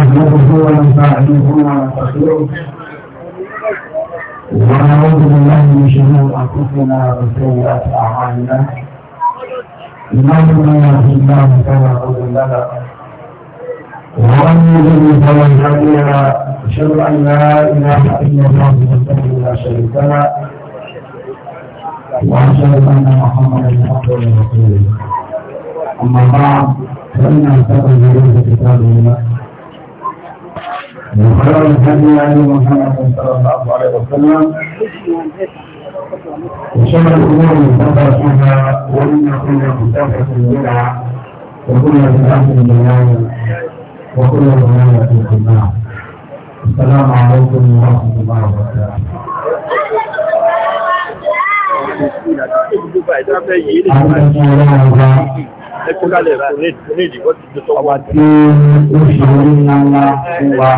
نحمده ونستعينه ونستغفره ونعوذ بالله من شرور انفسنا وسيئات اعمالنا انه من يهده الله فلا مضل له ومن يضلل فلا هادي له اشهد ان لا اله الا الله وحده لا شريك له واشهد ان محمدا عبده ورسوله اما بعد فان اصدق الحديث كتاب الله بخير الهدي عن محمد صلى الله عليه وسلم وشر الامور محدثاتها وان كل محدثه بدعه وكل بدعه ضلاله وكل ضلاله في النار السلام عليكم ورحمه الله وبركاته Àwọn ọmọ ọlọ́run ẹkùnkálẹ̀ ìkùnléèdì wọ́n ti tọ́ wà tí ó ṣe orí ńlá fún wa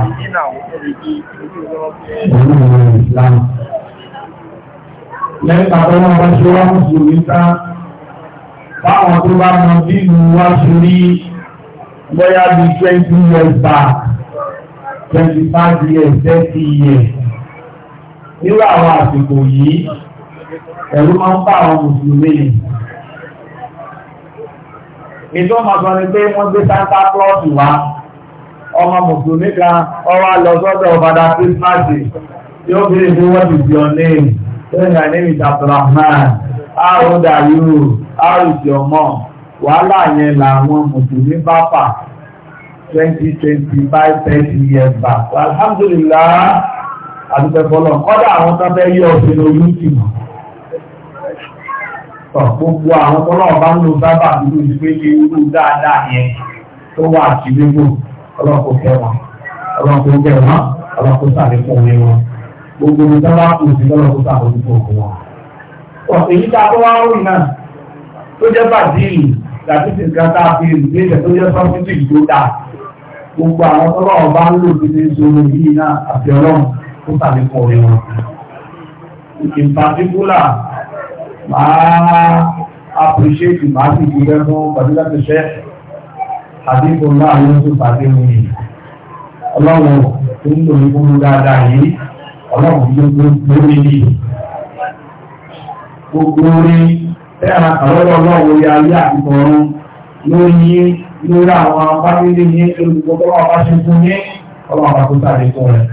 lẹ́ta tó wọ́n wá ṣe wá mùsùlùmí ta báwọn tó bá mọ bí ìlú wá ṣe rí lọ́yà bí twenty years back twenty five years thirty years nírú àwọn àsìkò yìí ẹ̀rú máa ń bá àwọn mùsùlùmí yìí ìjọ màsán ni pé wọ́n gbé santa claus wá ọmọ mùsùlùmí kan ọwọ́ lọ sọ́dọ̀ ọ̀bàdà christmas tí ó béèrè pé what is your name say my name is abdulrahman how old are you how is your mom wàhálà yẹn làwọn mùsùlùmí bá fà twenty twenty five thirty years back alhamdulilah àdúgbò fọlọ kọ́dà àwọn tó fẹ́ yí ọ̀sìn lóyún tì mọ́ gbogbo àwọn ọmọ náà bá ń lo sábà nínú ìgbélé irú dáadáa yẹn tó wà sí nínú ọlọ́kọ̀ kẹwàá ọlọ́kọ̀ kẹwàá ọlọ́kọ̀ sàlékún orí wọn gbogbo ní sábà kù sí ọlọ́kọ̀ sàlékún orí wọn. ọ̀sẹ̀ yìí tá a tó wá rìn náà tó jẹ́ bàdíìlì tàbí ti nǹkan tá a fi ìdílé rẹ̀ tó jẹ́ sọ́fíìtì tó dà gbogbo àwọn ọmọ náà bá ń lò sí ní ìṣòro yìí in particular máa appreciate máa sì fi rẹ́ fún pàdúrà tó ṣẹ́ àdínkù láàrin oṣù pàdé mi ọlọ́run tó ń lò ní fún dáadáa yìí ọlọ́run tó ń lórí ní gbogbo orí tẹ́ra àlọ́wọ́ ọlọ́run orí ayé àtìkọ̀ ọ̀run lórí lórí àwọn abáwílé ní olùgbogbo ọba ṣe fún ní ọlọ́run àbákútà lè fún rẹ̀.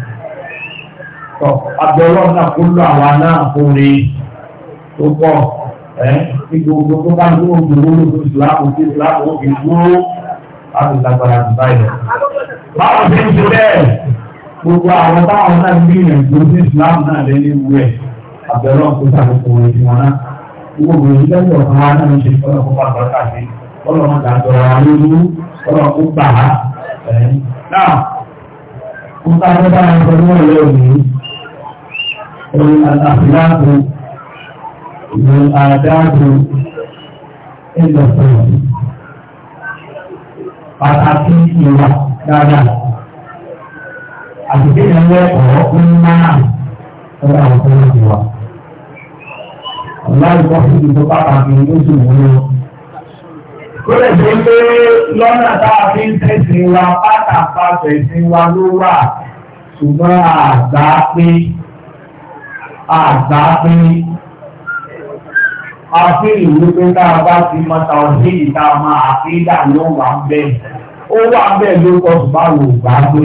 Abẹ́ ọlọ́run náà kó lọ àwa náà fún rèé tó pọ̀ ẹ́ ní gbogbo tó bá ń gbó gbòòrò lóṣù ìsìláàmù sí ìsìláàmù ó fi dúró láti lágbára jù báyìí. báwo ṣe ń ṣe bẹ́ẹ̀ gbogbo àwọn táwọn náà ń gbìyànjú sí ìsìláàmù náà lé ní ìwú ẹ̀ àbẹ̀rọ̀ tó ṣàkóso rẹ̀ sí wọn náà gbogbo èyí lẹ́yìn ọ̀sán wa náà ń ṣe ọ̀nà kó bá bàtà sí ọ̀nà ọ̀dà àjọra wa lójú ọ̀nà kó gbà á. náà mo ká والآداب إلا الصلاة pàtàkì ìwà dáadáa àti bí ẹgbẹ́ ọ̀rọ̀ ń máa ọ̀rọ̀ àwọn ọ̀rọ̀ ìwà. ọ̀làlùkọ́ fún ìdìbò pàtàkì lóṣù wọlé wọn. ó lè ṣe pé lọ́nà tá a fi ń àfihàn wípé tá a bá ti mọ tàwọn èyí tá a máa àfihàn náà wà bẹ́ẹ̀ ó wà bẹ́ẹ̀ ló kọ́ báwo gbà pé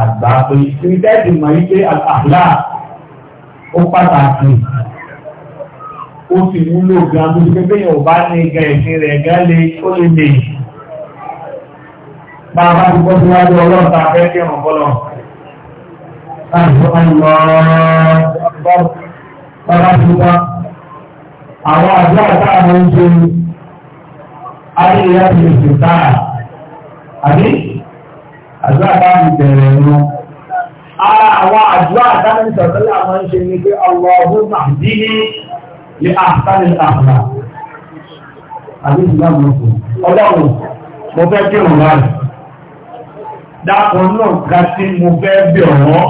àgbà pé tìrìtẹ́ẹ̀tì mọ̀ wípé àlá ó pàtàkì ó sì wúlò gan tó ṣe pé yóò bá ní gan ẹ̀sìn rẹ̀ gan lé ó lè lè bá a bá ti bọ́ síwájú ọlọ́run tá a fẹ́ kí ọ̀rọ̀ bọ́lọ̀ láti fọ́ bá ń lọ bá bá ti wá àwọn àjọ àti àwọn oúnjẹ ayé ìyá ti lè táà àbí àjọ àti àwọn ìbẹ̀rẹ̀ wọn. ara àwọn àjọ àti àwọn ìsọ̀tẹ́lẹ̀ àwọn oúnjẹ ni pé ọwọ́ ọdún náà dí ní lè àtàlẹ̀ àpàlà àbí ìgbà mọ̀kù ọlọ́run mo fẹ́ kí òun láì dákan náà ga sí mo fẹ́ bẹ̀ ọ̀rọ̀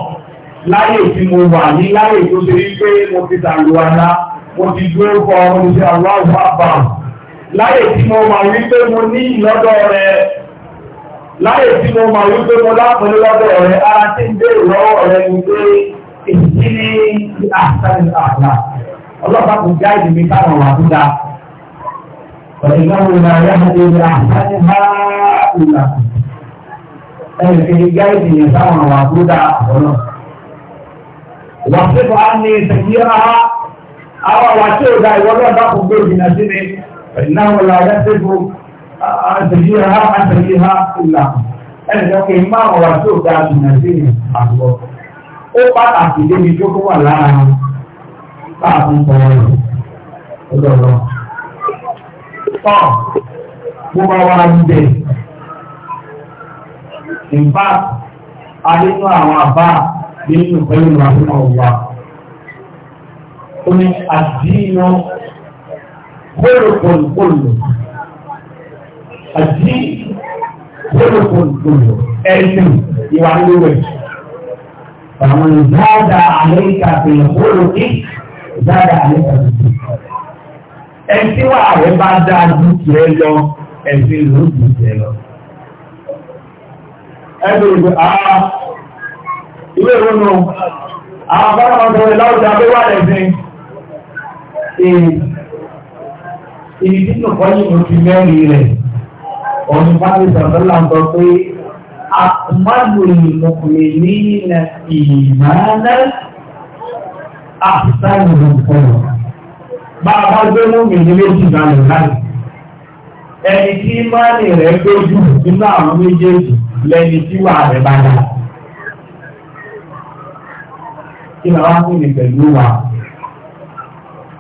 láyé tí mo wà ní láyé tó ṣe wípé mo ti tàlù ara mo ti dúró kọ oúnjẹ aláwọ̀ àbá láyé tí mo mà wípé mo ní lọ́dọ̀ rẹ̀ láyé tí mo mà wípé mo lápẹ̀lú lọ́dọ̀ rẹ̀ ara tí ń dé ìrọ́wọ́ rẹ̀ ń gbé èyí ní àṣàlẹ̀ àlà ọlọ́pàá kò já ìdìmí káwọn wà tó dáa ọ̀rẹ́gbẹ́wò náà yá ní ilé àṣàlẹ̀ bá ìlà ẹnì kejì já ìdìmí káwọn wà tó dáa ọ̀rọ̀ wàṣẹ́fọ̀ á ní ìṣèjì rárá. àwọn àwà tí ó dá ìwọ́lọ́ dápò gbé ìjìnà sí ni ìnáwó làwọn tẹ́gbò àtẹ̀yíha ha ìlà ẹnìkan kì í má ọ̀rọ̀ tí ó dá ìjìnà sí ni àgbọ̀ ó pàtàkì débi tó kó wà lára oní àdínà gbólógbòlógbòló àdí gbólógbòlógbòló ẹ̀sìn ìwà lówẹ̀. Àwọn ìdáàdà Amẹ́ríkà fi gbóló kí ìdáàdà Amẹ́ríkà fi kí. Ẹ̀sìn wà rẹ̀ bá dá dúkìá lọ ẹ̀sìn ló dúkìá lọ. Ẹ̀sìn ìgbà àá ìwé ah, ìrònú àwọn bọ́lá ọ̀dọ́ ìlà ọ̀dọ́ àbẹ́wà rẹ̀ ee ibi tí nǹkan yìí ti mẹ́rin rẹ̀ ọ̀nà pàṣẹ sàbẹ́là ń pé ní ilẹ̀ ìmọ̀lẹ́ a bá ní méjì balẹ̀ láì ẹni tí ìmọ̀lẹ́ rẹ̀ gbé nínú àwọn méjèèjì lẹ́ni tí wà rẹ̀ bá dà kí ní pẹ̀lú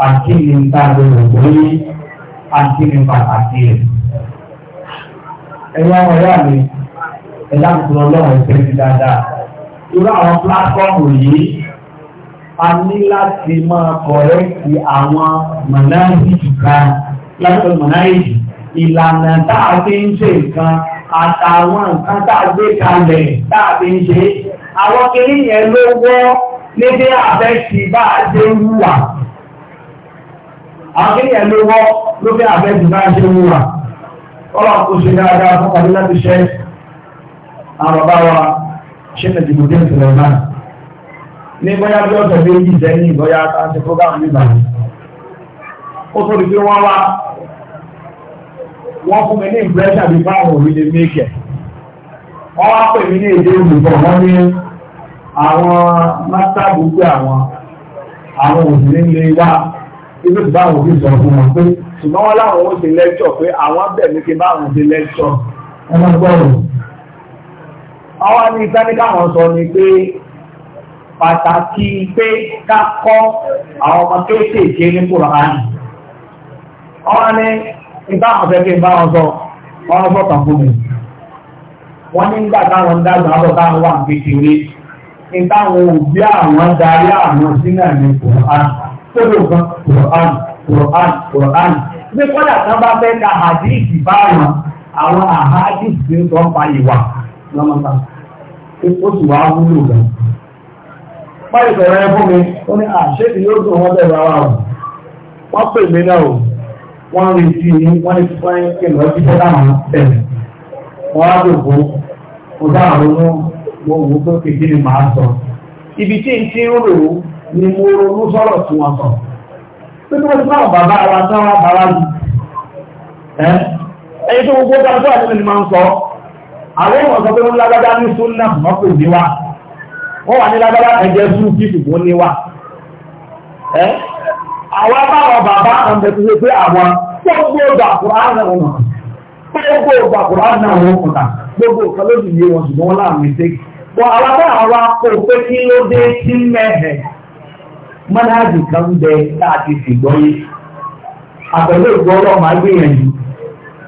àti ní ta gbogbo pé àti ní pàtàkì rẹ̀. Ẹ̀yà ọ̀rẹ́ àmì ẹ̀dá tuntun ọlọ́run ẹ̀fẹ́ mi dáadáa. Irú àwọn pílátífọ́ọ̀mù yìí a ní láti máa kọ̀rẹ́kì àwọn mọ̀náìjì kan láti mọ̀náìjì ìlànà tá a fi ń ṣe nǹkan àtàwọn nǹkan tá a gbé kalẹ̀ tá a fi ń ṣe. Àwọn kìnìyàn ló wọ́ lédè àfẹ́sí bá a ṣe ń wà. àwọn kéèyàn ló wọ́ ló fẹ́ àfẹ́jù bá ṣe wù wà ọlọ́ kó ṣe dáadáa fún pàdé láti ṣe àwọn wa ṣe lè dìbò dé ìṣẹ̀lẹ̀ náà ní bóyá bí ọ̀sẹ̀ bí èyí sẹ́yìn bóyá àti fúgàmù nígbà ó tó di pé wọ́n wá wọ́n fún mi ní bí báwọn òbí lè inú ti báwọn òbí sọ̀rọ̀ fún wọn pé ṣùgbọ́n wọn láwọn ó ti lẹ́jọ́ pé àwọn bẹ̀ ní kí báwọn ti lẹ́jọ́ ẹ máa ní sọ ni pé pàtàkì pé ká kọ́ àwọn ọmọ kéékèèké ní ní fẹ́ kí n bá wọn sọ sọ wọ́n ní nígbà táwọn dàgbà táwọn wà kódò gan Quran Quran Quran bí kódà kan bá fẹ́ ka hadithi báwọn àwọn ahadith tí ó ń pa ìwà lọ́mọta ó sì wá wúlò gan. Báyìí sọ̀rọ̀ ẹ fún mi, ó ní àṣé ìlú ó dùn wọ́n bẹ̀rẹ̀ ara o. Wọ́n pè mí náà o, wọ́n rí sí i, wọ́n ní wọ́n ní kí lọ́ọ́ jíjẹ́ láwọn bẹ̀rẹ̀. Wọ́n á dùn fún mo dáhùn lónú mo wò ó màá sọ. Ibi tí n ti ń rò ó ni mo ronú sọ̀rọ̀ tí wọ́n sọ. Pípẹ́ tí wọ́n bàbá ara tí bàbá jù. Ẹyí tó gbogbo dára tó àti ẹni máa ń sọ. Àwọn èèyàn sọ pé wọ́n lágbádá ní Súnà ní wa. Wọ́n wà ní lágbádá ẹ̀jẹ̀ fún ní wa. Àwọn abáwọn bàbá mọ́nájì kan bẹ láti ṣègbọ́yé àpẹ̀lú ìgbọ́ ọlọ́run agbéyànjú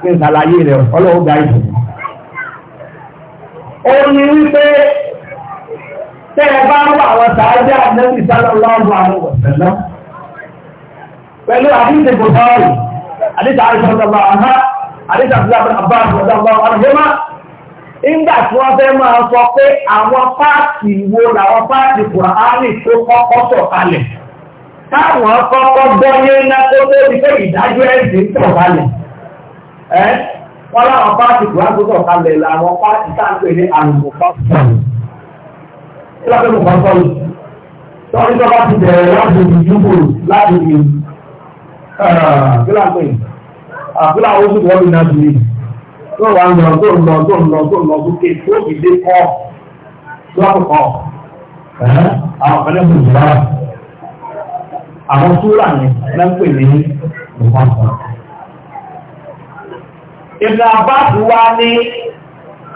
pé ìsàlàyé rẹ̀ ọlọ́run gba ìbò. ó ní wípé tẹ́ ẹ bá ń wà àwọn sàájú àdínẹ́bí sálọ lọ́rùn àwọn ọ̀sẹ̀lọ́ pẹ̀lú àdíṣe kò sọ́ọ̀rù àdíṣe àdíṣe ọ̀sẹ̀ nígbà tí wọ́n fẹ́ máa sọ pé àwọn páàtì wo làwọn páàtì kùránì tó kọ́kọ́ sọ̀kalẹ̀ táwọn kọ́kọ́ gbọ́yé ńlá tó tó di pé ìdájọ́ ẹ̀sìn sọ̀kalẹ̀ ẹ́ wọ́n láwọn páàtì kùránì tó sọ̀kalẹ̀ làwọn páàtì táǹpẹ̀ ní àlùkò pásítọ̀lù kí lọ́pẹ́ mọ̀ pásítọ̀lù tọ́jú tó bá ti bẹ̀rẹ̀ láti ibi yúgbò láti ibi kí láǹpẹ̀ àbúlà oṣù tó wọ́n yóò wá lọ tó lọ tó lọ tó lọ sókè tó ìdè kọ́ lọ́kọ̀ọ́ àwọn kan lẹ́kùn jù lára àwọn súrà ni lẹ́pẹ̀ ní ìfọ̀sọ̀. Ibn Abbas wá ní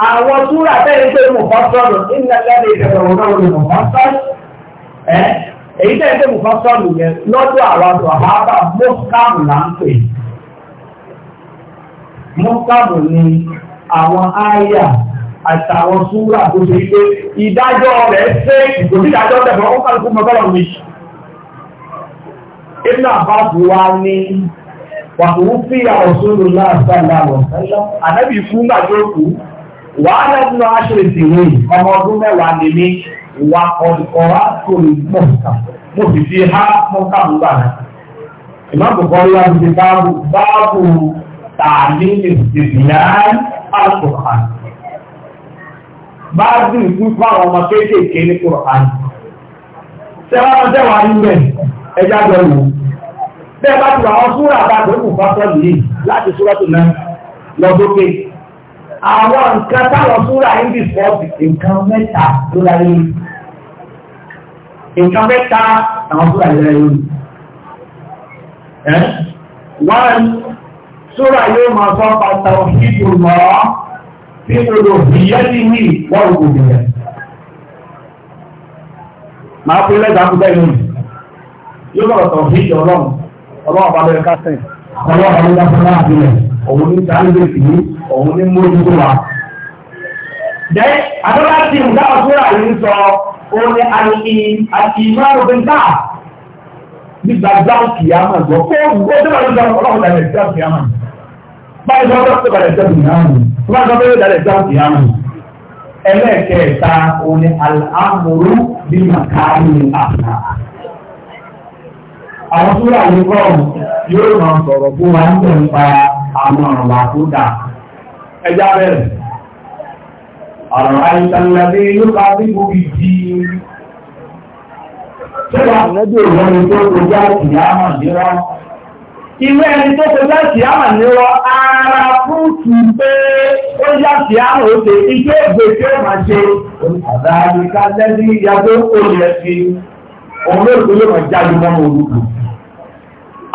àwọn súrà tẹ́lẹ̀ pé mùfọ́sọ̀lù nílẹ̀lẹ́lẹ̀ ìfẹ̀sọ̀rọ̀ náà ní mùfọ́sọ̀lù èyí tẹ́lẹ̀ pé mùfọ́sọ̀lù yẹn lọ́dọ̀ àwọn àbábà mọ́sàmù là ń pè é. mọ́kàbù ni àwọn àyà àtàwọn súrà tó ṣe pé ìdájọ́ rẹ̀ ṣe ìgbòmídájọ́ tẹ̀fọ́ ó kàlùkù mọ́kànlá mi. Ibn Abbas wa ní wàtòwú fi àwọ̀sọ́lù náà sálà lọ. Ànábì ikú wà á lẹ́nu tèwé ọmọ ọdún mẹ́wàá lè ní wà ọ̀rá Mo fi tààmì ìsìnkìyàn alkùnrin bá dùn púpọ̀ àwọn ọmọ kéékèèké ní kùnrin tẹ́wọ́n tẹ́wà nílẹ̀ ẹjá gbẹ̀rù bẹ́ẹ̀ bá ti wà wọn súnra àbájọ kù fásọ yìí láti súnra tó náà lọ́dọ́kẹ́ àwọn nǹkan táwọn súnra yìí bí fọ́ọ̀tì nǹkan mẹ́ta ló láyé nǹkan mẹ́ta àwọn súnra yìí láyé one Súra yóò máa sọ pàtà òṣìṣẹ́ lọ bí odò ìyẹ́ ti ní wọ́n kò bìyẹ̀. Màá pín lẹ́gbàá kú bẹ́ẹ̀ lónìí. Yóò lọ́rọ̀ tọ̀ sí ìjọ ọlọ́run, ọlọ́run bá bẹ̀rẹ̀ kásẹ̀. Ọlọ́run bá bẹ̀rẹ̀ kásẹ̀ náà bílẹ̀, òun ní sáré sí, òun ní mójútó wa. Jẹ́ àdọ́lá ti ń dá ọ̀ṣúra yìí sọ, òun ni àti ìmọ̀ ọ̀gbìn náà. Nígbà gbáwó kìí máa gbọ́, ó gbọ́dọ̀ lọ́dọ̀ ọlọ́run báyìí lọ́wọ́ tó bẹ̀rẹ̀ jẹ́ ìyáàmù tó bá gbọ́dọ̀ ìdálẹ̀ jẹ́ ìyáàmù ẹlẹ́ẹ̀kẹta òní àmúrú bí màkàrí àná àwọn tó rà yìí kọ́ yóò máa sọ̀rọ̀ fún wa ń bẹ̀ ń pa àwọn ọ̀rọ̀ àkódà ẹja bẹ̀rẹ̀ ọ̀rọ̀ àìsànlẹ̀ yóò ká sí gbogbo ìdí ṣé wàá nẹ́bí òun ni tó kọjá ìyáàmù yìí rán ìwé ẹni tó ṣe láti àmà nírọ ara fúrúkú pé ó yàtì àmà òṣè ijó ògbè tí ó máa ṣe àdáríká lẹ́ní ìyàgbó olè fi òun ló kó ló máa jáde mọ́ orúkú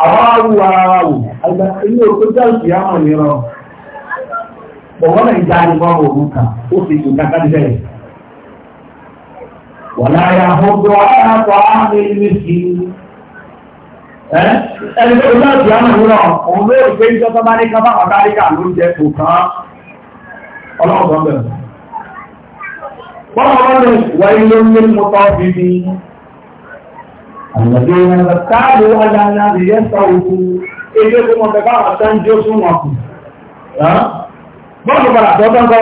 àwọn awù ara wà wò àgbà ilé òkú jáde àmà nírọ bọ̀wọ́ náà jáde mọ́ orúkà ó sì kò kákà níbẹ̀ wọ̀láyà ọgbọ̀n àpò àmì ìrìsì ẹni tó láti àmà ìrọ̀ òun ló rí pé ìjọ́ tọ́bá ní kábà ọ̀dáríkà ló ń jẹ kò kán ọlọ́ọ̀dọ́ bẹ̀rẹ̀ wọ́n wọ́n lè wà ilé ní mọ́tọ́ bíbí àyàdé wọn lọ káàdù aláàlá rí yẹ́ sọ òkú ilé tó mọ̀ bẹ̀bá ọ̀tá ń jó sún wọn kù bọ́ọ̀lù padà tọ́tọ́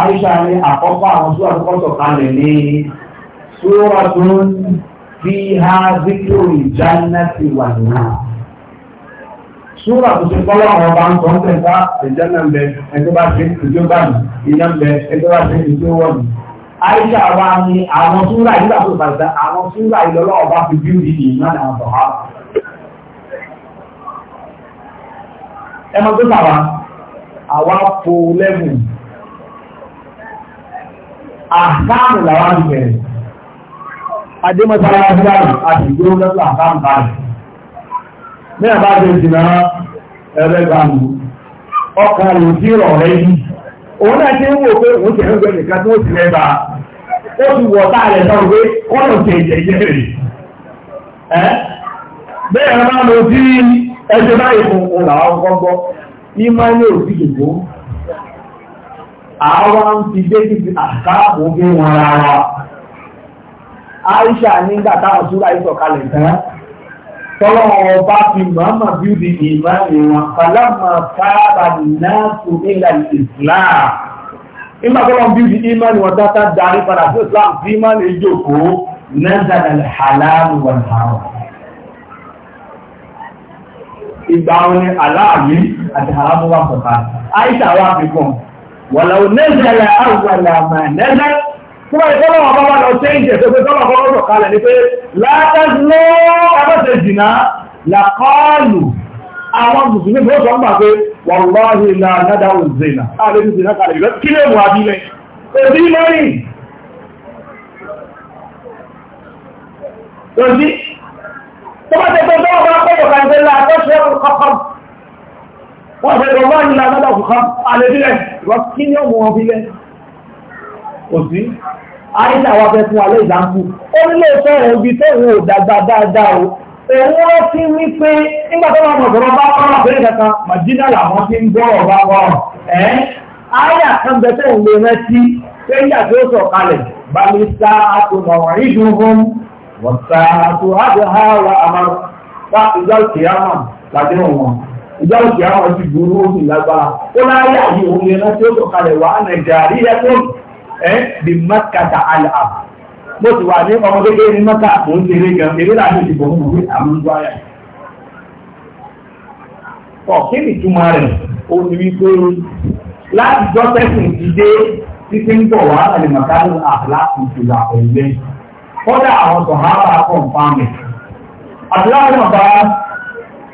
Aisha ní àkọ́kọ́ àwọn súra tó kọ́sọ̀ kalẹ̀ ní súra tó ń fi ha zikiro ìjáná ti wà náà. Súra tó ti kọ́ lọ́wọ́ ọba ń sọ ń tẹ̀ka ìjáná ń bẹ ẹgbẹ́ bá ṣe ìjọ bá mi iná ń bẹ ẹgbẹ́ bá ṣe ìjọ wọ̀ mi. Aisha wa ní àwọn súra yìí láti ìbàdàn àwọn súra yìí lọ́wọ́ ọba fi bí ìdí ìmọ̀ náà bọ̀ wá. tó sàrà àwa fo lẹ́gùn. àkáàmù làwọn ti bẹ̀rẹ̀. Adémọ́sára Adémọ́sára àti ìgbéró lọ́sọ̀ àkáàmù báyìí. Ní ẹ̀bá ṣe jìnà ẹ̀rẹ́ gbàmù, ọkàn rò sí rọ̀ rẹ̀ yìí. Òun náà ti ń wò pé òun nìkan tó ti bá. Ó ti wọ̀ tá sọ pé kọ́nà tẹ̀ bẹ́ẹ̀ lọ sí báyìí fún àwa ń fi bẹ́ẹ̀kì àkáàbò gbé wọn ara wa. Aisha nígbà táwọn súra yìí sọ̀kalẹ̀ tán tọ́lọ́wọ́ bá fi mọ́mọ́ bí ó di ìmọ̀ ìwọ̀n falámà káàbà náà tó ilà Islam. Ìmọ̀ tọ́lọ́wọ́ bí ó di ìmọ̀ ìwọ̀n tata darí padà sí Islam tí ìmọ̀ lè jókòó nazala al-halalu wal-haram. Ìgbà wọn ni aláàbí àti haramu wà sọ̀kalẹ̀. Aisha wà fi kàn wàláwò nẹ́sẹ̀lẹ̀ àwàlàmà nẹ́sẹ̀ tó bá ìtọ́lọ̀ wọn bá lọ ṣe ń jẹ́ tó pé tọ́lọ̀ kọ́kọ́ sọ kalẹ̀ ni pé látàzlọ́ abẹ́sẹ̀ jìnnà làkọ́ọ̀lù àwọn mùsùlùmí tó sọ ń gbà pé wàláhì là nádà òzìnà àlẹ́ ní ìsìnà kalẹ̀ ìgbẹ́ kí lè mú abilẹ̀ òbí mọ́rin òbí tó bá tẹ́ pé tọ́lọ̀ bá kọ́kọ́ wọ́n fẹ́ lọ bá ní lágbádà kùkà alẹ́bílẹ̀ kí ní ọmọ wọn bílẹ̀ òsí àìsà wa fẹ́ fún alẹ́ ìdánkù ó nílé ìfẹ́ tó ìwò dàgbà dáadáa o òun rọ́ wípé nígbà tó bá kọ́rọ̀ kankan làwọn ti ń bá àyà kan bẹ tó ń pé tó sọ kalẹ̀ sa ìdùn fún wọ́n sa àmàlà ìjọ òkè àwọn ti burú ó sì lágbára ó láyé àyè òun yẹn láti ó sọ̀kalẹ̀ wà á nàìjíríà yẹ kó ẹ bí mákàtà àlà mo ti wà ní ọmọ kékeré ní mọ́tà mò ń ṣeré gan eré láti ìdìbò mú mi àmúgbó ayà ọ̀ kí ni ìtumọ̀ rẹ̀ ó ní wípé láti jọ́ tẹ́sìn ti dé títí ń bọ̀ wá àlè màkàlù àlá ìtura ẹ̀lẹ́ kọ́dà àwọn sọ̀hárà kọ̀ǹpáàmì àti láti mọ̀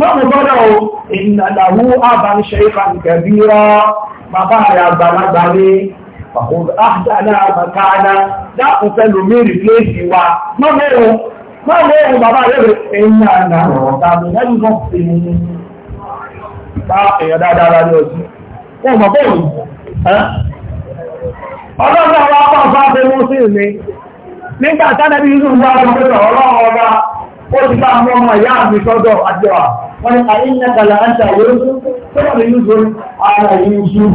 mọ́mù bọ́dọ̀ o ìnàdàwó àbáṣẹ́ ìfàǹkẹ̀bírọ́ bàbá rẹ̀ àgbàlagbà ní àbàkáàdà dákùnfẹ́ lòmírì léèsì wa mọ́mẹ́rún mọ́mẹ́rún bàbá rẹ̀ ìnàdàwó nígbàtánẹ́bí yìí ń bá ọmọ ọlọ́run ọba wọ́n ti bá àwọn ọmọ ìyá mi sọ́dọ̀ àjẹwà wọ́n ní àyè ní kàlà ń ta ìwé sọ́dọ̀ ní yúzọ ara yìí ń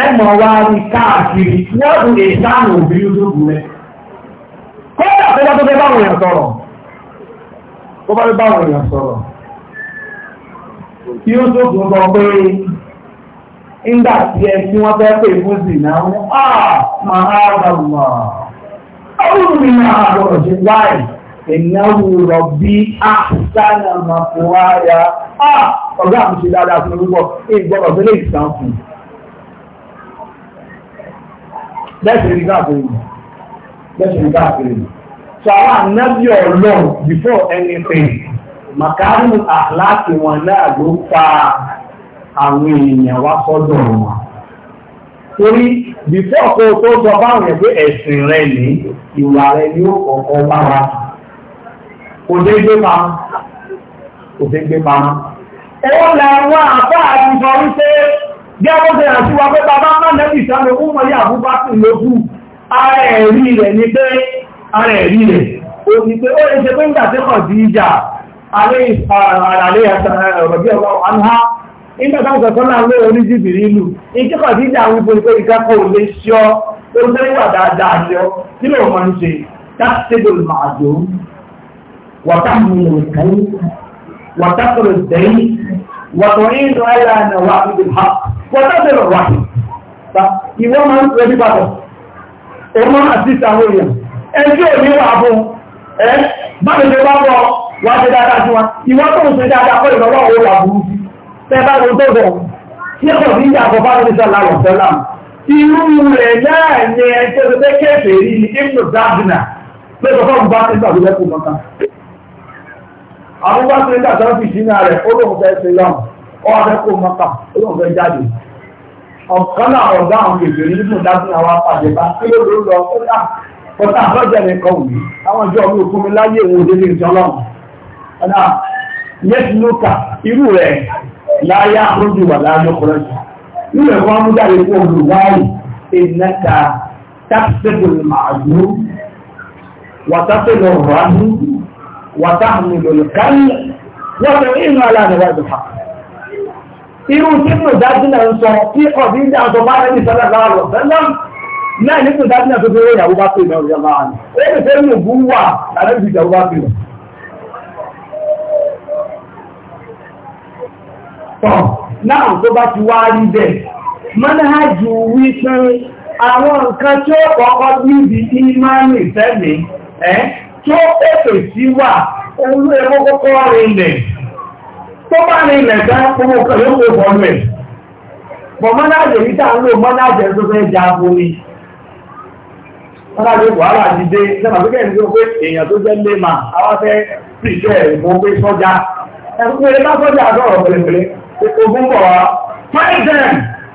ẹmọ̀ wa ní káàkiri wọ́n ní ìsáàmù òbí lójú rẹ̀ kọ́dà tó bá tó fẹ́ báwọn èèyàn sọ̀rọ̀ tó bá fẹ́ báwọn èèyàn sọ̀rọ̀ tí ó tó tún sọ pé ńgbà tí ẹ tí wọ́n fẹ́ pè fún sí náà wọ́n á máa á dàgbà ọdún mi náà àgbọ̀rọ̀ ṣe wáì ìnáwó rọ̀bí àṣánà màfúwáyà ọ̀gá àmì ṣe dáadáa fún orúkọ ìgbọ́dọ̀ tó lè sàn fún un. lẹ́sìn rí káàkiri lẹ́sìn rí káàkiri so àwọn ànábì ọlọ́run before anything màkàrún àláàkì wọn náà ló fa àwọn èèyàn wá sọ́dọ̀ wọn torí before kó tó sọ báwọn yẹn pé ẹ̀sìn rẹ ní ìwà rẹ ní ó kọ̀ọ̀kan kò dé gbé pa kò dé gbé pa ẹ̀wọ́n làwọn àbá àti sọ wípé gẹ́gẹ́ bó ṣe àti wa pé bàbá máa nẹ́bì ìsámi ó mọ̀ ní àbúbákùn lókù ara rẹ̀ ni pé ara rẹ̀ ó ní pé ó lè ṣe pé nígbà tí kọ̀ sí ìjà alẹ́ àràlẹ́ ọ̀rọ̀bí ọ̀rọ̀ àná nígbà táwọn kọ̀ọ̀kan náà ló orí sí ìbìrìlù ìjẹ́ kọ̀ sí ìjà àwọn ipò ìpò ìkápò lè ṣọ́ ó ń tẹ́lẹ̀ wà dáadáa yọ wàtàkùnrin wàtàkùnrin wọ́tọ́sẹ̀ lọ wà ìwọ máa ń rẹ̀ pípapọ̀ ọmọ àtìsà àwọn èèyàn ẹjọ́ òní wà fún ẹ bábẹ̀lẹ̀ bá bọ̀ wà ṣe dáadáa sí wa ìwọ tó ń ṣe dáadáa kọ́ ìrọ̀lọ́ òun là burú sí tẹ́ bá lọ tó bọ̀ tí ẹ̀kọ́ sí ìyá àkọ́bá lórí sọ́lá wọ̀ sọ́lá irú rẹ̀ náà ni ẹjọ́ tó fẹ́ kẹfẹ́ rí ni ibnu dabina pé bàbá òun bá ti gbà lórí ẹkùn mọ́ta àwọn bá ti ń dà sọ́fì sínú rẹ̀ ó lóun fẹ́ ṣe lọ́rùn ọ̀rẹ́ kò mọ́ta olóògbé jáde ọ̀kan náà ọ̀gá àwọn èdè nínú dágún àwọn apàdé bá kí ló ló lọ kódà kódà lọ́jọ́ ní kan àwọn ìjọ mi òkú mi láyé òun òdélé ìjọ lọ́wọ́ ọ̀nà yẹ́tìlókà irú rẹ̀ láyé àkójú wà láyé ọkùnrin jù nínú ẹ̀kọ́ amújáde fún olùwárì ìnẹ́ta tákìtẹ́bùl màálù wàtàtẹ́lẹ̀ ọ̀rọ̀ wàtàmìlòlùkárì wọ́n tẹ̀lé ìnú aláàdẹ̀wà ìdùkà irú tí nù dájúlẹ̀ ń sọ tí ọ̀bí ń dáhùn sọ bá rẹ̀ ní sọ́dọ̀ láàrọ̀ sẹ́lẹ̀m náà ní nù dájúlẹ̀ tó fẹ́rẹ̀ ìyàwó bá pè lọ́rọ̀ yọba àná ó lè fẹ́ mú bú wà lábẹ́ ìfi ìyàwó bá pè lọ. tọ́ náà tó bá ti wá rí bẹ́ẹ̀ mọ́nájú wí pé àwọn nǹkan tí ó kọ́kọ́ níbi ìmánì sẹ́mi ẹ́ tí ó pèsè sí wà òun ẹ̀kọ́ kọ́kọ́ rinlẹ̀ tó bá ní ilẹ̀ gbá owó kẹlẹ́ ó kó rẹ̀ bọ̀ mọ́nájẹ̀ yìí tá à ń lò mọ́nájẹ̀ tó fẹ́ ja bomi mọ́nájẹ̀ wàhálà ti dé sẹ́nà tó kẹ́yìn tó pé èèyàn tó jẹ́ lé mà àwọn fẹ́ pìṣẹ́ ìmọ̀ pé sọ́jà ẹ̀kú eré bá sọ́jà sọ̀rọ̀ pẹ̀lẹ́pẹ̀lẹ́ ogun bọ̀ wá fight them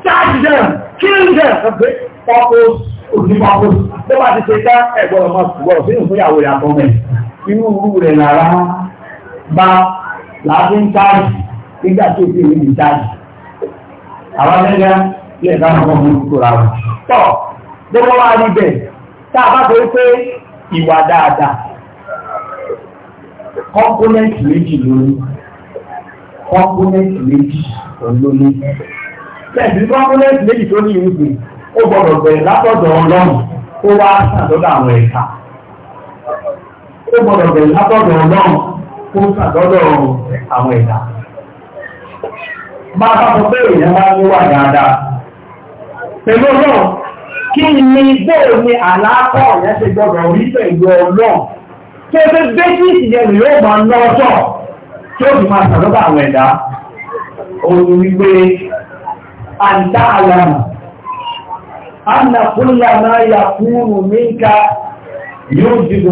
charge them kill them ẹgbẹ́ purpose onípapò tó bá ti ṣe ká ẹ̀gbọ́n ọmọ ṣùgbọ́n sínú fún ìyàwó ìyàtọ̀ mẹ́ inú rú rẹ̀ lára bá láti ń táàjì nígbà tó ti rí ní táàjì. Àwọn ẹgbẹ́ lè ká àwọn ọmọ ìlú tó ra wọn. Tọ́ gbogbo wa rí bẹ́ẹ̀ tá a bá fẹ́ pé ìwà dáadáa kọ́ńpónẹ́ǹtì méjì lórí kọ́ńpónẹ́ǹtì méjì kó sàdọ́dọ̀ àwọn ẹ̀dá. Bá bá pé èèyàn bá ní wà dáadáa. Pẹ̀lú kí ni bóò ni àlàáfọ̀ yẹn ṣe gbọdọ̀ rí pẹ̀lú Tó ṣe bẹ́tíìsì yẹn yóò máa ná ọjọ́ tí ó fi máa sàdọ́dọ̀ àwọn Òun yà yóò dìbò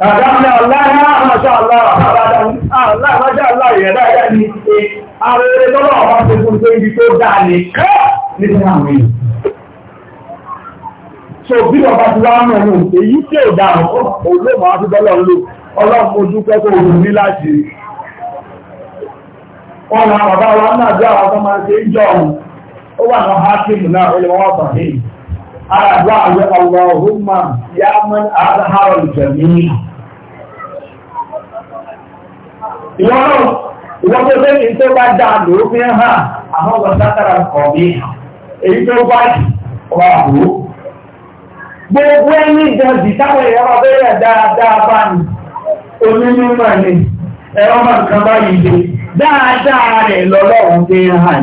Àdámi aláìhá àmàṣà aláìmáṣà aláìyẹ̀ dáadáa ní ṣe àwọn eré tọ́lọ̀ ọ̀pá ṣe fún tó ibi tó dáa ní kẹ́ nínú àwọn èèyàn. So bí ọba ti wá mọ̀ ní èyí tí ò àgbà àwẹ̀ Allahumma ya man azhara al-jamil ìwọ náà ìwọ tó fẹ́ kí n tó bá dáa ha, gbogbo ẹni ìjọdì táwọn èèyàn bá bẹ̀rẹ̀ dáadáa bá ní onímọ̀ ni ẹ̀rọ máa báyìí dé dáadáa rẹ̀ lọ́lọ́run hàn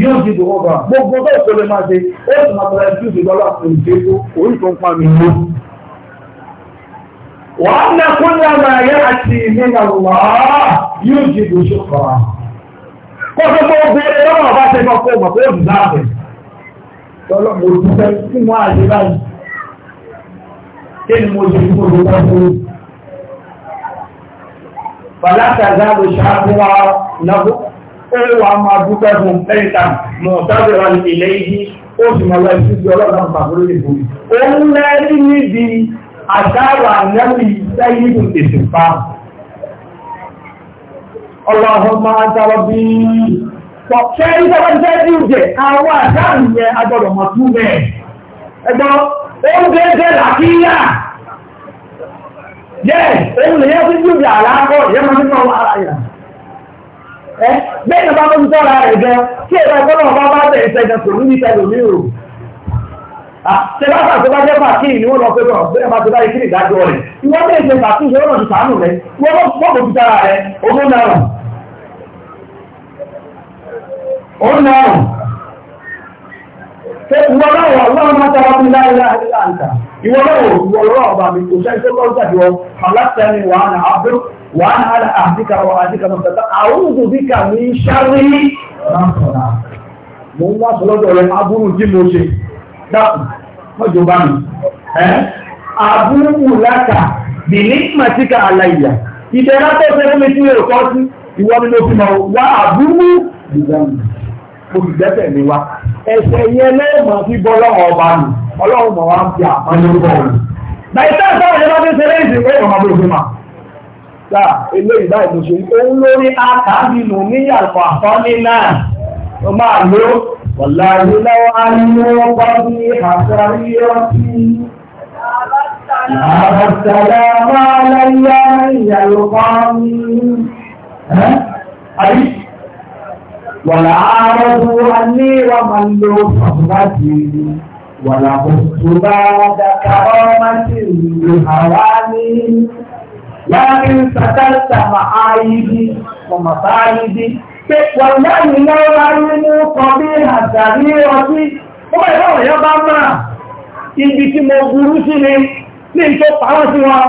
yóò di ìdòwò kan gbogbo bẹ́ẹ̀ tó lè máa ṣe ó sì máa tọ́lá ẹjú ìdọ́là òǹdéko orí tó ń pa mi ló. wàá nà kó ní àmà ayé àti ìmìnà wà yóò di ìdòṣe kan. kọ́sọ́ tó ń bèrè lọ́wọ́ bá ṣe máa kó o mọ̀ pé ó dùn láàbẹ̀. tọ́lọ́ mo dúpẹ́ tí mo àṣẹ báyìí. kí mo ṣe fún olùkọ́ fún mi? fàlàkà záàbù ṣáà fún wa náà ó wà máa dúpẹ́ fún pẹ́ta mọ̀ ilẹ̀ yìí ó sì mọ̀ lọ́ẹ̀ sí ọlọ́run pàbúrú ìbò òun lẹ́rí níbi àdáwà lẹ́rí sẹ́yìn ètò pa ọlọ́run máa dáwọ́ bí ṣe ìjọba jẹ́ ní ìjẹ àwọn àdáàrùn ẹ bẹ́ẹ̀ ni bá mọ́tò tọ́ra rẹ̀ gan kí ẹ̀rọ ọpọlọ ọba bá bẹ̀rẹ̀ sẹ́gàn kò ní níta lómi o. Sẹ́bàtà tó bá jẹ́ fàkíì ni wọ́n lọ bẹ́ẹ̀ bá bá ìdájọ́ rẹ̀. Ìwọ́n bẹ́ẹ̀ ṣe ṣe rẹ̀. bọ́ bọ́ rẹ̀ náírà. náírà. ìwọ lọ́wọ́ ìwọ lọ́wọ́ ọba mi kò sẹ́ni tó lọ́wọ́ gbàdúrà wọn aláṣẹ́ni wà á nà abẹ́ wà á nà á àdìkà wà àdìkà náà tẹ̀sán àwọn òdòdìkà mi ń ṣáré máa ń sọ̀rọ̀ mo ń wá sọlọ́dọ̀ rẹ aburú tí mo ṣe dákun mọ́jọ bá mi aburú láta bìní màtíkà aláìyá ìdẹ́rẹ́ tó ṣe fún mi tí yóò kọ́ sí ìwọ ni mo fi mọ̀ wá aburú ìdáhùn mi wá ẹ̀sẹ̀ yẹn lẹ́ẹ̀mọ̀ fi bọ́ lọ́wọ́ ọba mi ọlọ́run mọ̀ wá ń fi àpáyé ń bọ̀ wọn. Bàìsá ìsáwọn ìjọba ti ń ṣe lẹ́yìn ìsìnkú ìmọ̀ àbúrò fún ma. Gbà eléyìí báyìí ló ṣe òun lórí àkàbìnú níyàwó àkọ́ní náà. Ó máa lo ọ̀la ìlọ́wọ́ aníwọ́ bá ní àṣàrí ọtí. Àbàtàlá máa láyá ìyàwó bá ní. Àbí wàlá àárọ̀ bu wa ní wàmà lo fàmùlá dìrì. ولهم بعد كرامة بهواني لكن سترت معايبي ومصايبي والله لو علموا قبيح سريرتي ọmọ ìwọ̀n ọ̀yọ́ bá máa ibi tí mo burú sí ni ní tó pàwọ́ sí wọn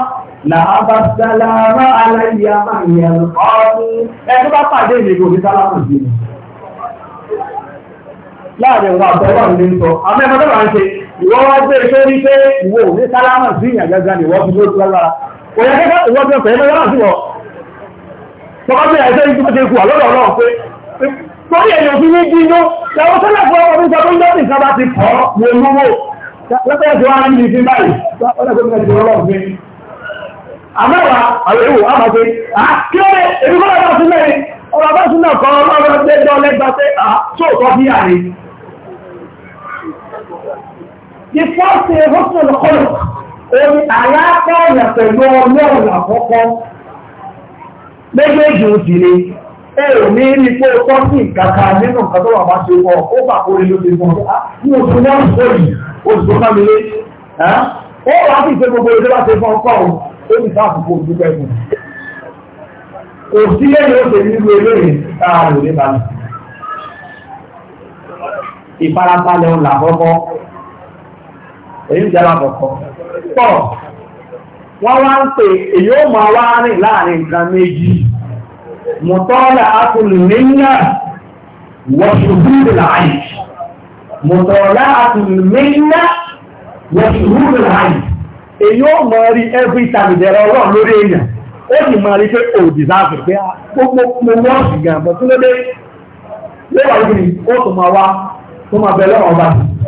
làábà sálámà aláìyá máa yẹn ọdún ẹgbẹ́ bá pàdé ìrìnkò ní sálámà sí ni láàrin ìwà àbọ̀wọ̀ ní sọ amẹ́fẹ́ tó bá ń ṣe ìwọ wá gbé iṣẹ́ e rí pé ìwọ ò ní sálámà sí ìyàn gangan ìwọ fi lóṣù lágbára kò yẹ kẹ́kẹ́ ìwọ ti ọ̀fẹ́ ẹgbẹ́ láti wọ̀ tọ́ka bí ẹ̀ṣẹ́ yìí tó ti kù àlọ́dọ̀ náà pé torí èèyàn fi ní dínú lẹ́wọ́ sọ́lá fún ọmọ mi sọ pé yọ́ọ̀tì kan bá ti kọ́ mo lówó lọ́pẹ́ ẹ̀ṣẹ́ wa ní ìfín báyìí àmẹ́wàá àwọn èèwò àmàgbé kí ó lè èmi kọ́lá bá sí mẹ́rin ọ̀rọ̀ bá sí náà kọ́ ọlọ́run ẹgbẹ́ ẹgbẹ́ ọlẹ́gbàá pé àá tó tọ́ bí àárín Ìfọ́ ṣe hóṣùn lọ́kọ̀ọ́. Omi àyákọ́ ọ̀nà pẹ̀lú ọlọ́run àkọ́kọ́. Méjèèjì ó dìde. Ẹ ò ní rí pé ó tọ́ sí ìkàkà nínú nǹkan tó wà bá ṣe wọ̀ ó bà kó lè lóde fún ọ. Ah, ní oṣù náà ń sọ yìí, oṣù tó bá mi lé. Ah, ó wàá sì ṣe gbogbo ìdílé bá ṣe fún ọkọ̀ òun. Ó ní sáàpù kó ojú pẹ́ fún. Òsílẹ̀ yóò ṣe nílùú eléyìí tá a lò ní balẹ̀ ìfarabalẹ̀ ọ̀la kọ́kọ́ èyí jẹ́ alákọ̀ọ́kọ́ tọ́ wọ́n wá ń pè èyí ó máa wá rìn láàrin nǹkan méjì mọ̀tọ́lá akùnlùmíyà wọ̀ṣùgbùrù láàyè mọ̀tọ́lá akùnlùmíyà wọ̀ṣùgbùrù láàyè èyí ó máa rí every time ìdẹ̀rọ ọlọ́run lórí èèyàn ó sì máa rí pé ò dìsáàfì pé gbogbo mo wọ́n sì gàn bọ̀ tó lóde lẹ́wàá lórí ó tó máa wá tó máa bẹ lọ́rùn ọba sí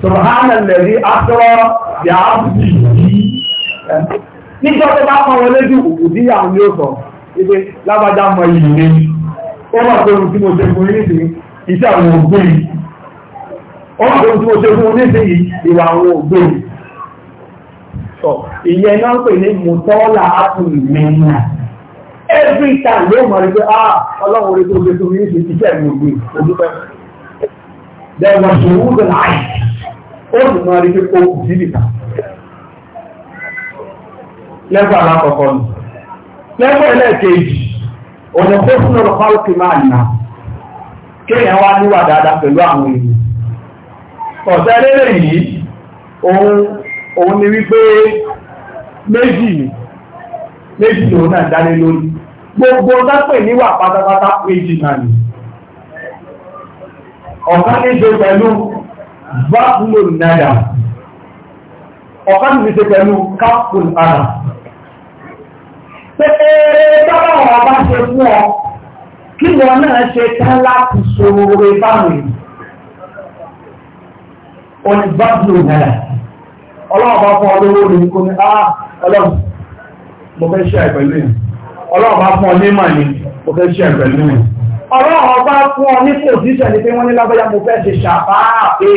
Subhanalladhi asra bí a bì yìí. Nígbà tó bá pọn wọlé bí òkú tí àwọn yóò sọ, ibi lábájá mọ iyì mi, ó mọ̀ pé ohun tí mo ṣe fún yín nìyí, iṣẹ́ àwọn ògbé yìí. Ó mọ̀ pé ohun tí mo ṣe fún yín nìyí, ìwà àwọn ògbé yìí. Sọ ìyẹn náà pè ní Mùtọ́lá Ápùlù Mẹ́nà. Every time ló mọ̀ rí pé, ah, ọlọ́run orí tó ṣe fún yín nìyí, iṣẹ́ àwọn ògbé, òdúpẹ́. There was a woman like ó sì máa rí pé kó kù sí nìkan lẹ́gbẹ́ alákọ̀ọ́kọ́ ni lẹ́gbẹ́ ẹlẹ́ẹ̀kejì ọ̀nà tó fún ọ̀rọ̀ pálọ̀kì máa nà kéèyàn wá níwà dáadáa pẹ̀lú àwọn èèyàn ọ̀sẹ̀ lélẹ̀ yìí òun òun ni wípé méjì méjì òun náà gbogbo dápẹ̀ níwà pátápátá méjì náà ni bákùnlò náírà ọ̀kan mi ṣe pẹ̀lú kápùn ara pẹ̀lú dábà wọn bá ṣe fún ọ kí wọn náà ṣe tán láti ṣòro báwọn èèyàn òní bákùnlò náírà ọlọ́ọ̀bá fún ọdún lórí kò ní áá ah, ọlọ́run mo fẹ́ ṣe àìpẹ̀lú yìí ọlọ́ọ̀bá fún ọ ní màní mo fẹ́ ṣe àìpẹ̀lú ọ̀rọ̀ ọba fún ọ ní pòsíṣẹ̀ ní pé wọ́n ní lábẹ́yà mo fẹ́ ṣe ṣàfáà pé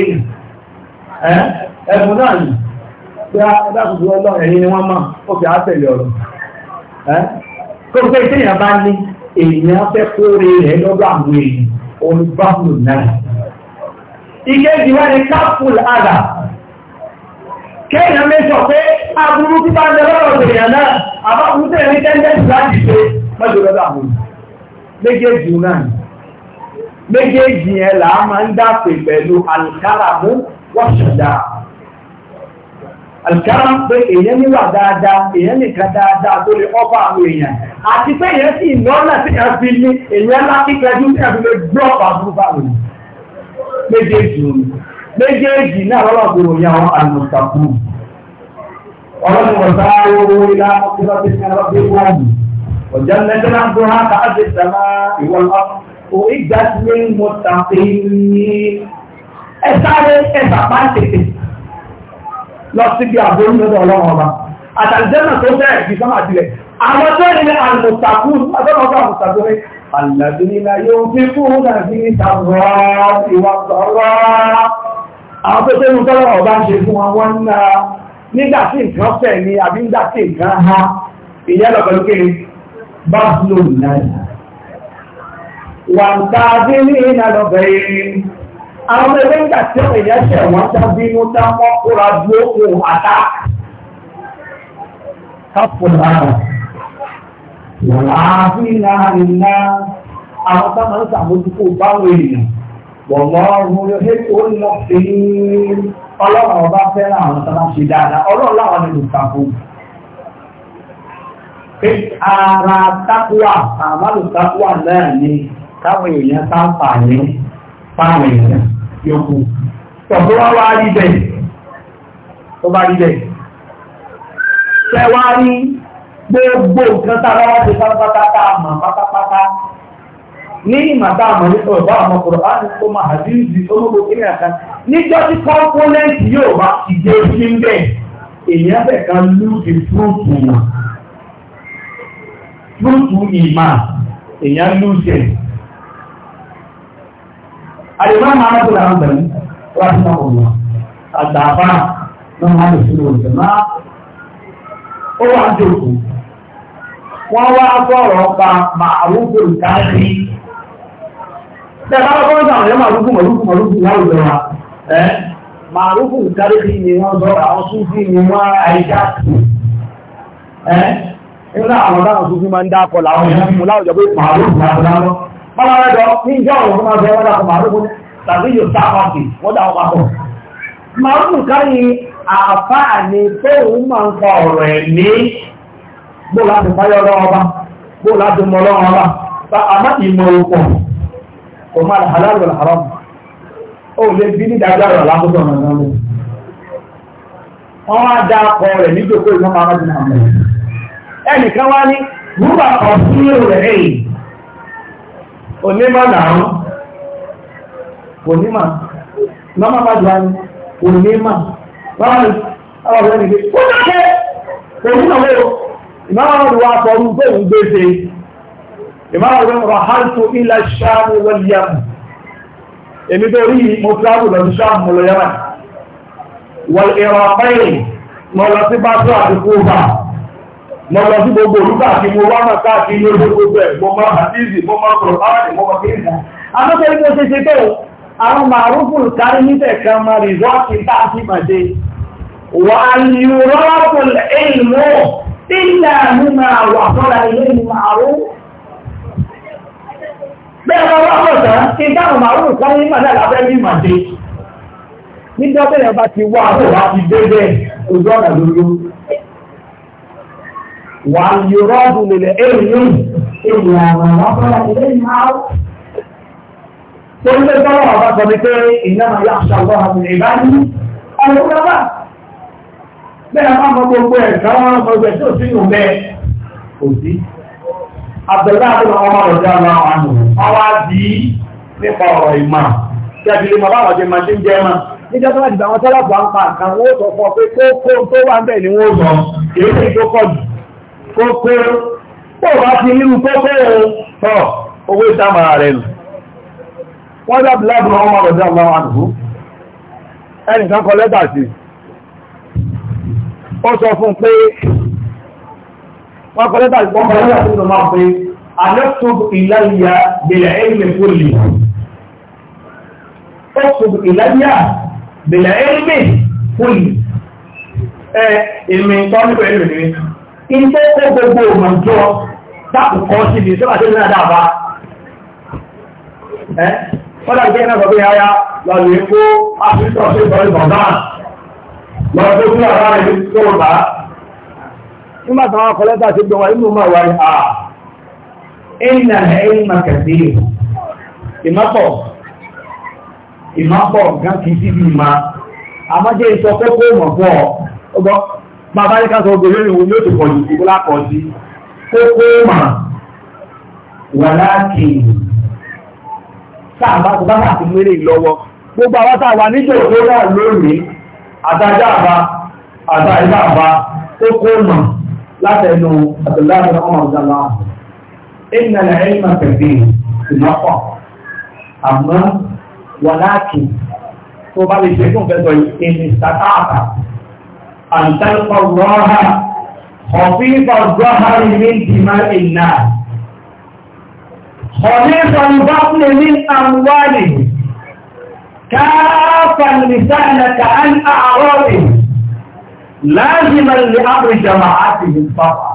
ẹ̀bùn náà ni pé ẹ̀dàkùnkùn ọlọ́run ẹ̀yìn ni wọ́n mọ̀ ó fi àtẹ̀lẹ̀ ọ̀rọ̀ kó pé téèyàn bá ní èèyàn fẹ́ kóre rẹ̀ lọ́dọ̀ àwọn èèyàn olùbáwò náà ìkejì wá ní káfùl àdà kéèyàn mẹ́sọ̀ pé aburú tí bá ń lọ lọ́rọ̀ èèyàn náà àbábùtẹ̀ ní tẹ́ńdẹ́sì láti ṣe mọ́jọ́ lọ́dọ̀ àwọn èèyàn méjèèjì náà méjèèjì yẹn là á máa ń dàpè pẹ̀lú alikaramu wọ́ṣọ̀dá alikaramu pé èèyàn níwà dáadáa èèyàn nìkan dáadáa tó lè ọ́fà àwọn èèyàn àti pé èèyàn sì lọ́nà tí a fi ní èèyàn lákìkẹ́jú tí a fi lè gbọ́ọ̀pù àbúrúkú àwọn méjèèjì méjèèjì náà lọ́lọ́gbòrò yẹn àwọn àlùmọ̀tàkùn ọlọ́dún ọ̀sán owó ilá ọkùnrin ọ̀sán وجنة عرضها كعرض السماء والأرض أعدت للمتقين ẹ sáré ẹ̀sà bá ń tètè lọ síbi àbò lọ́dọ̀ ọlọ́run ọba àtàlìjẹ́nà tó fẹ́ ẹ̀bí sọ́mà sílẹ̀ àwọn tó ní ní àlùmọ̀tàkùn àtọ́nàfà àmùtàkùn ní àlàdínlá yóò fi fún nàbí ìtàrọ̀ ìwà sọ̀rọ̀ àwọn tó tẹ́nu tọ́lọ̀ ọba ń ṣe fún wọn wọ́n ń nígbà tí nǹkan fẹ̀ ni àbí nígbà tí nǹkan ha ìyẹn lọ pẹ̀lú kéré báàbùlò náà wà ń ta bí ní ìnàlọ́bẹ̀ yìí àwọn ẹgbẹ́ ń gàtí ọ̀rọ̀ ìyẹ́sẹ̀ wọ́n tá bínú tá mọ́ kóra ju okùn àtá kápùlà wọ̀lá bí náà nínú àwọn tá máa ń sàmójúkú báwọn èèyàn wọ̀lọ́run yóò hé ó lọ sí ọlọ́run ọba fẹ́ràn àwọn tá máa ṣe dáadáa ọlọ́run láwọn nínú ìtàkùn pé ara tápúà àmàlù tápúà náà ni káwọn èèyàn sáfà ní fáwọn èèyàn yòókù tọ̀tọ̀ wá wá rí bẹ́ẹ̀ tó bá rí bẹ́ẹ̀ tẹ́ wá rí gbogbo nǹkan tá a bá wá ṣe pátápátá àmà pátápátá ní ìmàtá àmà ní ọ̀bá àmọ́ kọ̀rọ̀ á ní kó máa àdíjì olóko kíní àká níjọ́ tí kọ́ńpónẹ́ǹtì yóò bá ti dé sí ń bẹ̀ èèyàn bẹ̀ kan lú di fúrúùtù wọn fúrútù ìmà èyàn lúṣẹ̀ àdìmọ́ máa tó láwọn bẹ̀rẹ̀ wá sí ọ̀nà àgbàfà náà máa lè fún òun jẹ̀má ó wà ń jòkó wọ́n wá sọ̀rọ̀ pa màálùkù káàkiri tẹ̀kára kọ́ sàwọn ẹ̀yẹ́ màálùkù màálùkù màálùkù láwùjọ wa ẹ̀ màálùkù káàkiri ni wọ́n sọ̀rọ̀ nígbà àwọn táwọn tuntun máa ń dákọ̀ láwọn ìlú láwùjọ pé màálù màálù bọ́lá rẹ̀ jọ ní ìjọ òun máa bẹ wọ́n dákọ̀ màálù tàbí yóò sá pàtì wọ́n dákọ̀ papọ̀. màálù káyì àfáàní tóun máa ń kọ ọ̀rọ̀ ẹ̀ ní halal wal haram ó lè bí ní dájọ́ rẹ̀ lákòókò ọ̀nà náà lọ. wọ́n á dá akọ ẹnìkan wá ní wúwà ọ̀sílò rẹ̀ èyí onímọ̀ náà onímọ̀ mọ́mọ́ bá jù wá ní onímọ̀ wọ́n ní àwọn ọ̀rẹ́ nìgbé ó dákẹ́ onímọ̀ wọ́n ìmọ̀ràn ọ̀rọ̀ wa sọ̀rọ̀ tó ń gbèsè ìmọ̀ràn ọ̀rọ̀ ọ̀rọ̀ hàlùtò ilẹ̀ ṣáàmù wọ́n èmi tó rí mo tíráàbù lọ ṣáàmù lọ yàmù wọ́n ìrọ̀ ọ̀pẹ́yìn mo lọ sí bá tó àti kúrò mo lọ sí gbogbo olúkà kí mo wá náà káàkiri ní ojú gbogbo ẹ̀ mo máa àdízì mo máa kọ̀rọ̀ báwàdì mo máa kéré náà àtọ́kẹ́ ní kó ṣe ṣe pé àwọn màrúkù kárí níbẹ̀ kan máa rí rọ́ọ̀kì tá a ti màdé wà ní rọ́ọ̀kù ìlú ìlà mú máa wà tọ́ra ilé ní màrú bẹ́ẹ̀ bá wà pọ̀ tán kí táwọn màrúkù kan ní màdé àlàfẹ́ ní màdé nígbà tẹ́lẹ̀ bá ويراد للعلم إلا ما نظر إليه معه Torípé tọ́lọ̀ ọ̀bá sọ ní pé ìnáma yá ṣàlọ́ àmì ìbáyé ọ̀rọ̀lọ́bà. Bẹ́ẹ̀ bá mọ gbogbo ẹ̀ká wọn mọ ẹgbẹ̀ tó sínú bẹ́ẹ̀ kò sí. Àbẹ̀lá àbúrò ọmọ ọ̀dọ́ ara àánú, ọwá bí nípa ọ̀rọ̀ ìmọ̀. Kí a ti lè mọ bá ọ̀dẹ́ máa ṣe ń jẹ́ máa. Níjọ́ tó wà dìbò àwọn tọ́lọ̀ kókó tó bá fi irú kókó ọ̀ owó ìdámàrà rẹ̀ nù wọ́n dábì lábùn ọmọ ọ̀dọ́ àwọn àdùkú ẹnìkan kọ lẹ́tà sí ó sọ fún pé wọ́n kọ lẹ́tà sí wọ́n kọ lẹ́tà sí ló máa pé alẹ́kùnbù ìlàlìyà bẹ̀rẹ̀ ẹ̀rìnlẹ̀ fòlì ọkùnbù ìlàlìyà bẹ̀rẹ̀ ẹ̀rìnlẹ̀ fòlì ẹ̀ ìmìntọ́ nípa ẹ̀rìnlẹ̀ ilé ó gbogbo òmọ̀jọ́ dákùnkọ́ síbi tó bá tẹ́lẹ̀ náà dáàbá ẹ́ fọ́dá ìgbé náà sọ̀bí ara lọ́lẹ̀ kó áfíríkọ̀ sí ìtọ́lẹ̀ bọ̀dá lọ́dún tí ara rẹ̀ tó bá nígbà táwọn akọlẹ́ta ti gbọ́n wa inú máa wà ní à ẹ̀yìnà ẹ̀yìn màkàtí ìmọ́pọ̀ ìmọ́pọ̀ gán kìí síbi ìmọ̀ àmọ́jẹ́ ìsọkókó mọ̀ fún ọ bàbá ní káàkiri obìnrin ìwò ní ó ti pọ̀ jù sí lápọ̀ sí kókó mà wà láàkì sáàbá tó bá láti mẹ́rin lọ́wọ́ gbogbo àwọn tàwà níjọ tó rà lónìí àtàjá àbá àtàjá àbá kókó mà látẹnu àtàláàbá ọmọ ìjọba ìnàlẹ̀ ẹ̀yìn màkàdé ìlọ́pọ̀ àmọ́ wà láàkì tó bá lè ṣe fún ìfẹ́sọ̀ ìpínlẹ̀ sàtàkà أن تلقى الله خفيف الظهر من دماء الناس خليط البطن من أموالهم كافا لسانك عن أعراضهم لازما لأمر جماعتهم طبعا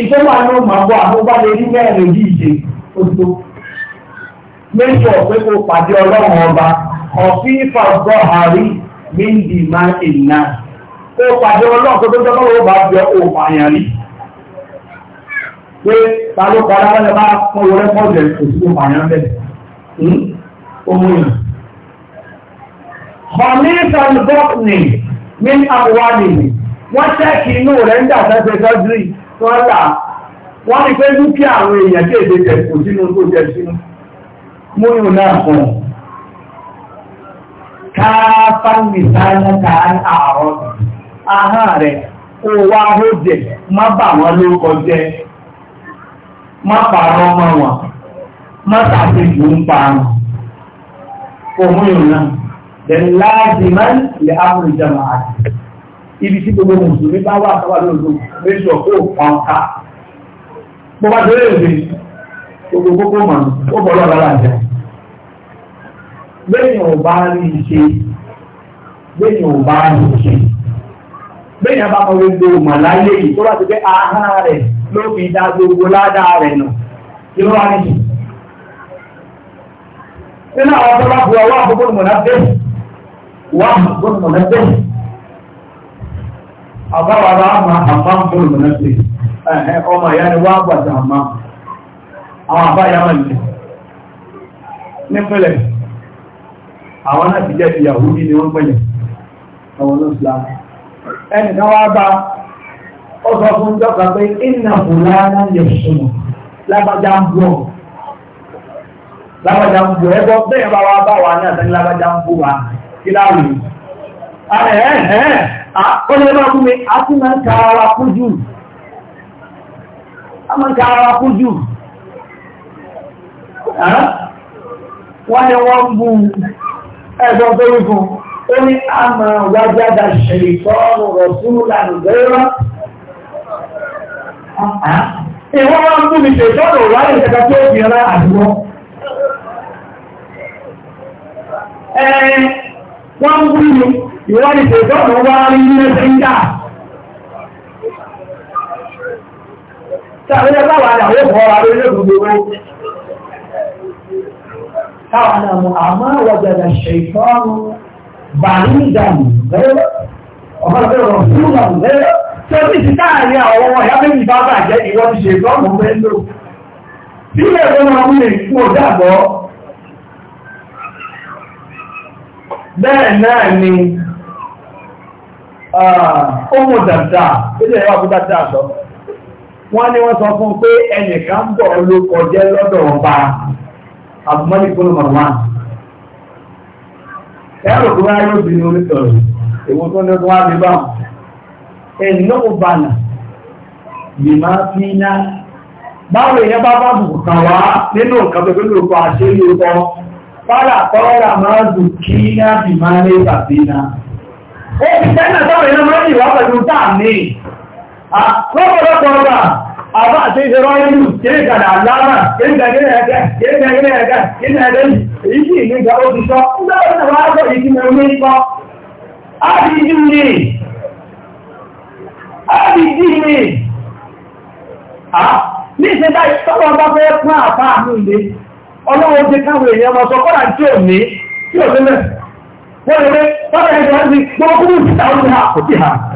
ìṣẹ́ wà ní ọmọ àbọ̀ àbúgbà lè rí mẹ́rin yìí ṣe oṣù méjì ọ̀pẹ́ kò pàdé ọlọ́run ọba ọ̀fíìfà gbọ́ àárín míndì máa ìnà ó pàdé ọlọ́ọ̀kọ́ tó jọ́kọ́ ó bá jọ òun àyàn rí pé ta ló padà hmm? wọ́n bá pọ́n owó rẹ́ pọ́ọ̀jẹ̀ àyàn bẹ́ẹ̀ ọmọ yàn. Hamilton Gopney ní àwọ̀wádìí ni wọ́n tẹ́kì inú rẹ̀ ń dà sọ́jírì tó káfán nìsáyẹ́ta àárọ̀ ahọ́n rẹ̀ ó wá ó jẹ má bà wọ́n ló kọjẹ́ má pààrọ̀ ọmọ wọn má tàbí jù ń pa wọn òun yóò náà the large man le amúlù jama àti ibi tí gbogbo mùsùlùmí bá wà sábà lóòótọ́ méjì ọ̀pọ̀ pàǹkà bó bá délé òde gbogbo gbogbo mọ̀ o bọ̀ lọ́ọ̀ lára jẹun. lẹ́yìn ọba rí ṣe lẹ́yìn ọba rí ṣe lẹ́yìn abákan gbogbo màláyé yìí tó bá ti pé ahá rẹ̀ ló fi dá gbogbo ládàá rẹ̀ nà kí ló wá ní jù. nínú àwọn tó bá bu ọwọ́ àkókò mọ̀nà bẹ́ẹ̀ wà àkókò mọ̀nà bẹ́ẹ̀ àbáwá bá ma àmà mọ̀nà bẹ́ẹ̀ ọmọ ìyá ni wà á àmà àwọn àbáyá mà àwọn láti jẹ́ ti yahudi ni wọ́n pẹ̀yẹ̀ àwọn ló fìlà ẹni kan wá bá ó sọ fún dọ́kà pé iná fúlànà yẹ sùnmù lágbájá ń bọ̀ lágbájá ń bọ̀ ẹgbọ́ bẹ́ẹ̀ bá wá bá wà ní àtẹ́ni lágbájá ń bọ̀ wá kí láàrú ẹ̀ ẹ̀ ẹ̀ kọ́lé máa fún mi a ti máa ń ka ara kú jù a máa ń ka ara kú jù wọ́n ní wọ́n ń bú ẹ̀gbọ́n tó rí fún ó ní a máa wájáda ṣèlè tọ́ọ̀nù rọ̀ fún lànà gẹ́rọ́ ìwọ́n máa ń fún mi ṣe tọ́ọ̀nù ráyè ìjẹta tó fi ra àdúgbò wọ́n ń wí ni ìwọ́n ni ṣe tọ́ọ̀nù wá rí ní ẹsẹ̀ ń dà Tí àwọn ẹgbẹ́ wà ní àwọn ìfọwọ́ káwọn náà وجد الشيطان wọ́gbẹ̀dẹ̀ ṣèkọ́rù bàrídàmù lẹ́yọ́ ọ̀pọ̀lọpọ̀ ọ̀rọ̀ fúlọ̀ lẹ́yọ́ tí ó ti ti táàrin àwọn ọmọ ìyá méjì bá bàjẹ́ ìwọ́n ti ṣèkọ́rù mẹ́lò bí ilé ẹ̀rọ máa ń lè fún ọ̀dàbọ̀ bẹ́ẹ̀ náà ni ọmọ dàda ilé ẹ̀rọ àbúdá dà sọ wọ́n ní wọ́n sọ fún pé ẹnìkan bọ̀ ló kọjẹ́ lọ́dọ̀ ọba abdulmalik bin marwan ẹ̀rọ tó wáyé ló bínú onítọ̀rọ̀ èwo tó ní kó wá bí bá ẹ̀nà ọ̀bànà yìí máa fi iná báwo èèyàn bá bá bùkù kan wá nínú nǹkan tó gbẹ́lú ọkọ̀ àṣẹ ilé ọkọ̀ fádà kọ́lá máa dùn kí iná bì máa ní ìbàbí iná ó fi tẹ́lẹ̀ sọ́rọ̀ iná máa ń yìí wá pẹ̀lú táà ní àkọ́kọ́lọ́pọ̀ ọgbà àbá àti ìṣẹ́rọ ẹ̀lú kéré kàdà lára kéré kàdà ẹ̀kẹ́ kéré kàdà ẹ̀kẹ́ kéré kàdà ẹ̀kẹ́ èyí sì ní ìgbà ó ti sọ ńlọ́wọ́ náà wá sọ èyí tí mo ní kọ́ ábìdí ni ábìdí ni ní ìṣẹ́dá ìṣọ́lọ́ bá fẹ́ fún àpá àmì ìlé ọlọ́wọ́ ti káwọn èèyàn ọmọ sọ kọ́lá tí ò ní tí ò sílẹ̀ wọ́n lè rẹ́ tọ́lá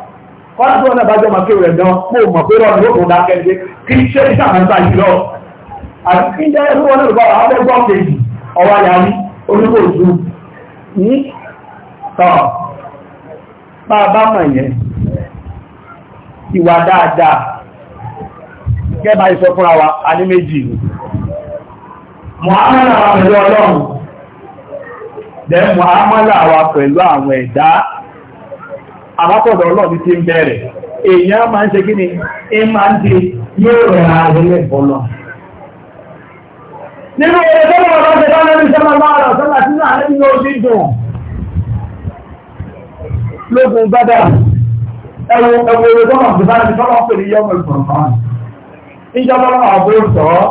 kọ́lá tó ọ̀nà ìbájọ́ máa kéwèé gan mọ́ ò mọ̀ pé rọ̀ ní dákẹ́ ṣe kí ṣe ní sàmẹ́ta yìí àti kí jẹ́ ẹgbẹ́ wọn gbọ́ kejì ọwọ́ rí onígbò ojú ní bá a bá mọ̀ yẹn ìwà dáadáa gẹ́gbà fúnra wa a àbápọ̀dọ̀ ọlọ́ọ̀bí ti ń bẹ̀rẹ̀ èèyàn máa ń ṣe kí ni ẹ máa ń di yóò rẹ̀ ààrẹ lẹ́bọ̀lọ́ nínú ẹ̀rẹ́ tó lọ́wọ́ bá ṣe bá lẹ́nu sọ́lá bá rọ̀ sọ́lá tí náà ní yóò ní dùn lógun gbádà ẹwọ ẹwọ ẹwọ tó lọ́wọ́ bá ṣe bá lẹ́nu sọ́lá pẹ̀lú yọmọ ìfọ̀nfọ̀n ìjọba lọ́wọ́ àbúrò sọ́ọ́